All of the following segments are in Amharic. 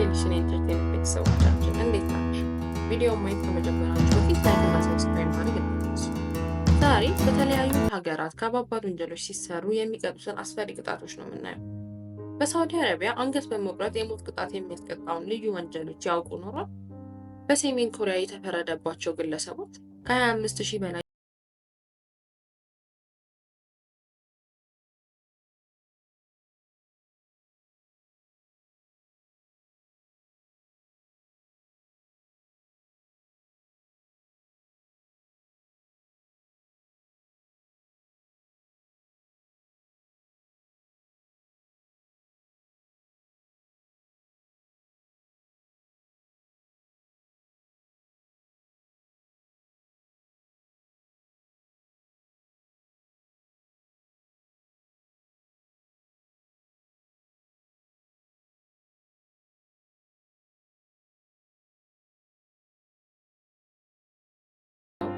ዴሊሽን ኤንተርቴንመንት ቤተሰቦቻችን እንዴት ናቸው? ቪዲዮ ማየት ከመጀመራችሁ በፊት ላይክና ሰብስክራይብ ማድረግ እንዳትረሱ። ዛሬ በተለያዩ ሀገራት ከባባድ ወንጀሎች ሲሰሩ የሚቀጡትን አስፈሪ ቅጣቶች ነው የምናየው። በሳውዲ አረቢያ አንገት በመቁረጥ የሞት ቅጣት የሚያስቀጣውን ልዩ ወንጀሎች ያውቁ ኖሯል? በሰሜን ኮሪያ የተፈረደባቸው ግለሰቦች ከ25 ሺህ በላይ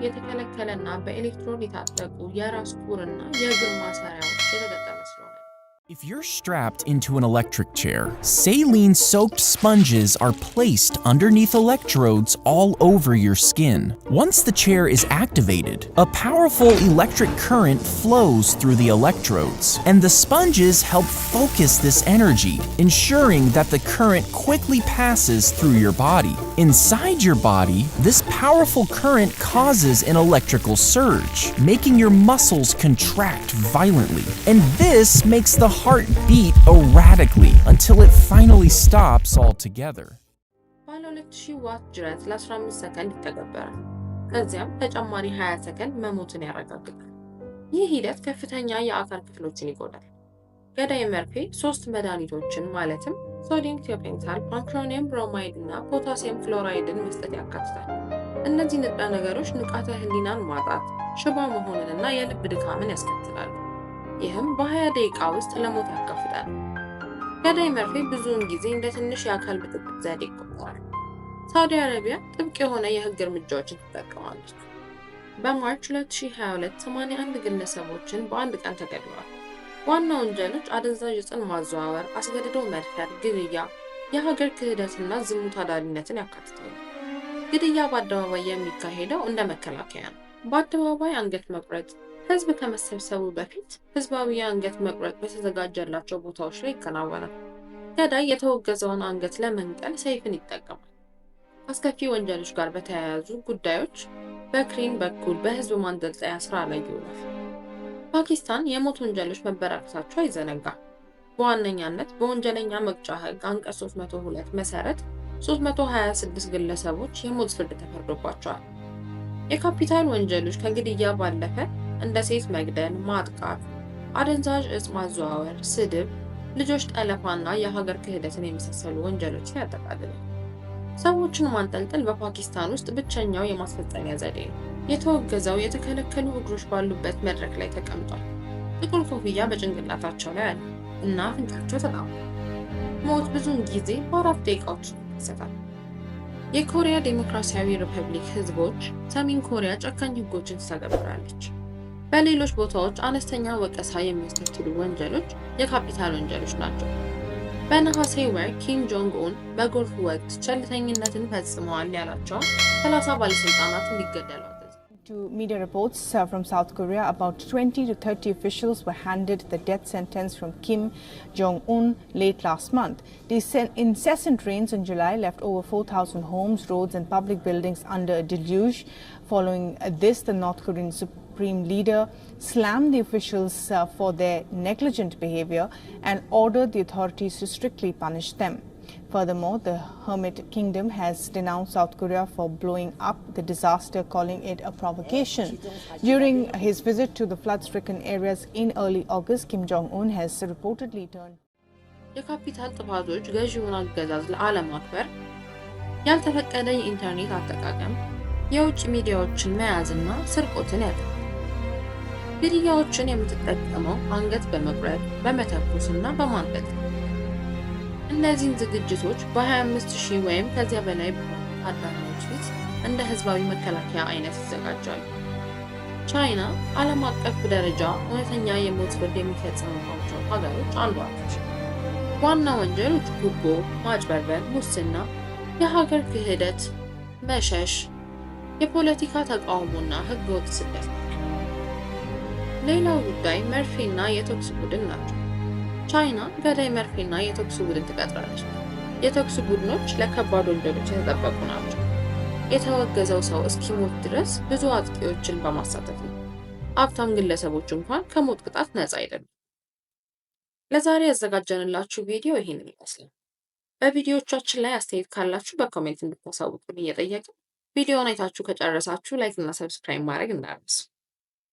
የተከለከለና የታጠቁ የራስ ቁርና የእግር ማሰሪያዎች የተገጠመ ስለሆነ If you're strapped into an electric chair, saline soaked sponges are placed underneath electrodes all over your skin. Once the chair is activated, a powerful electric current flows through the electrodes, and the sponges help focus this energy, ensuring that the current quickly passes through your body. Inside your body, this powerful current causes an electrical surge, making your muscles contract violently. And this makes the heart beat erratically until it finally stops altogether. ከዚያም ተጨማሪ 20 ሰከንድ መሞትን ያረጋግጣል። ይህ ሂደት ከፍተኛ የአካል ክፍሎችን ይጎዳል። ገዳይ መርፌ ሶስት መድኃኒቶችን ማለትም ሶዲየም ፓንክሮኒየም ብሮማይድ እና ፖታሲየም መስጠት ያካትታል። እነዚህ ንጥረ ነገሮች ንቃተ ህሊናን ማጣት፣ ሽባ መሆንንና የልብ ድካምን ያስከትላሉ። ይህም በ20 ደቂቃ ውስጥ ለሞት ያከፍታል። ገዳይ መርፌ ብዙውን ጊዜ እንደ ትንሽ የአካል ብጥብጥ ዘዴ ይቆጠራል። ሳውዲ አረቢያ ጥብቅ የሆነ የህግ እርምጃዎችን ትጠቀማለች። በማርች 2022 81 ግለሰቦችን በአንድ ቀን ተገድለዋል። ዋና ወንጀሎች አደንዛዥ እጽን ማዘዋወር፣ አስገድዶ መድፈር፣ ግድያ፣ የሀገር ክህደትና ዝሙት አዳሪነትን ያካትታሉ። ግድያ በአደባባይ የሚካሄደው እንደ መከላከያ ነው። በአደባባይ አንገት መቁረጥ ህዝብ ከመሰብሰቡ በፊት ህዝባዊ የአንገት መቁረጥ በተዘጋጀላቸው ቦታዎች ላይ ይከናወናል። ገዳይ የተወገዘውን አንገት ለመንቀል ሰይፍን ይጠቀማል። አስከፊ ወንጀሎች ጋር በተያያዙ ጉዳዮች በክሬን በኩል በህዝብ ማንጠልጠያ ስራ ላይ ይውላል። ፓኪስታን የሞት ወንጀሎች መበራከታቸው አይዘነጋም። በዋነኛነት በወንጀለኛ መቅጫ ህግ አንቀጽ 302 መሰረት 326 ግለሰቦች የሞት ፍርድ ተፈርዶባቸዋል። የካፒታል ወንጀሎች ከግድያ ባለፈ እንደ ሴት መግደል፣ ማጥቃት፣ አደንዛዥ እጽ ማዘዋወር፣ ስድብ፣ ልጆች ጠለፋና የሀገር ክህደትን የመሳሰሉ ወንጀሎችን ያጠቃልላል። ሰዎችን ማንጠልጠል በፓኪስታን ውስጥ ብቸኛው የማስፈጸሚያ ዘዴ ነው። የተወገዘው የተከለከሉ እግሮች ባሉበት መድረክ ላይ ተቀምጧል። ጥቁር ኮፍያ በጭንቅላታቸው ላይ አለ እና አፍንጫቸው ተጣሙ። ሞት ብዙውን ጊዜ በአራት ደቂቃዎች ይታሰባል። የኮሪያ ዴሞክራሲያዊ ሪፐብሊክ ህዝቦች ሰሜን ኮሪያ ጨካኝ ህጎችን ትተገብራለች። በሌሎች ቦታዎች አነስተኛ ወቀሳ የሚያስከትሉ ወንጀሎች የካፒታል ወንጀሎች ናቸው። በነሐሴ ወር ኪም ጆንግ ኡን በጎልፍ ወቅት ቸልተኝነትን ፈጽመዋል ያላቸውን ሰላሳ ባለሥልጣናት እንዲገደሉ to media reports uh, from South Korea, about 20 to 30 officials were handed the death sentence from Kim Jong un late last month. The incessant rains in July left over 4,000 homes, roads, and public buildings under a deluge. Following this, the North Korean Supreme leader slammed the officials uh, for their negligent behavior and ordered the authorities to strictly punish them. Furthermore, the Hermit Kingdom has denounced South Korea for blowing up the disaster, calling it a provocation. During his visit to the flood stricken areas in early August, Kim Jong un has reportedly turned. የካፒታል ጥፋቶች ገዢውን አገዛዝ ለአለማክበር፣ ያልተፈቀደ የኢንተርኔት አጠቃቀም፣ የውጭ ሚዲያዎችን መያዝና ስርቆትን ያጠ ግድያዎችን የምትጠቀመው አንገት በመቁረጥ በመተኮስና በማንቀጥ እነዚህን ዝግጅቶች በ25 ሺህ ወይም ከዚያ በላይ በሆኑ ታዳሚዎች ፊት እንደ ህዝባዊ መከላከያ አይነት ይዘጋጃሉ። ቻይና ዓለም አቀፍ ደረጃ እውነተኛ የሞት ፍርድ የሚፈጽሙባቸው ሀገሮች አንዷ ነች። ዋና ወንጀሎች ጉቦ፣ ማጭበርበር፣ ሙስና፣ የሀገር ክህደት፣ መሸሽ፣ የፖለቲካ ተቃውሞና ህገወጥ ስደት ናቸው። ሌላው ጉዳይ መርፌና የተኩስ ቡድን ናቸው። ቻይና ገዳይ መርፌና የተኩስ ቡድን ትቀጥራለች። የተኩስ ቡድኖች ለከባድ ወንጀሎች የተጠበቁ ናቸው። የተወገዘው ሰው እስኪሞት ድረስ ብዙ አጥቂዎችን በማሳተፍ ነው። ሀብታም ግለሰቦች እንኳን ከሞት ቅጣት ነፃ አይደሉም። ለዛሬ ያዘጋጀንላችሁ ቪዲዮ ይህንን ይመስላል። በቪዲዮዎቻችን ላይ አስተያየት ካላችሁ በኮሜንት እንድታሳውቁን እየጠየቅን ቪዲዮውን አይታችሁ ከጨረሳችሁ ላይክ እና ሰብስክራይብ ማድረግ እንዳትረሱ።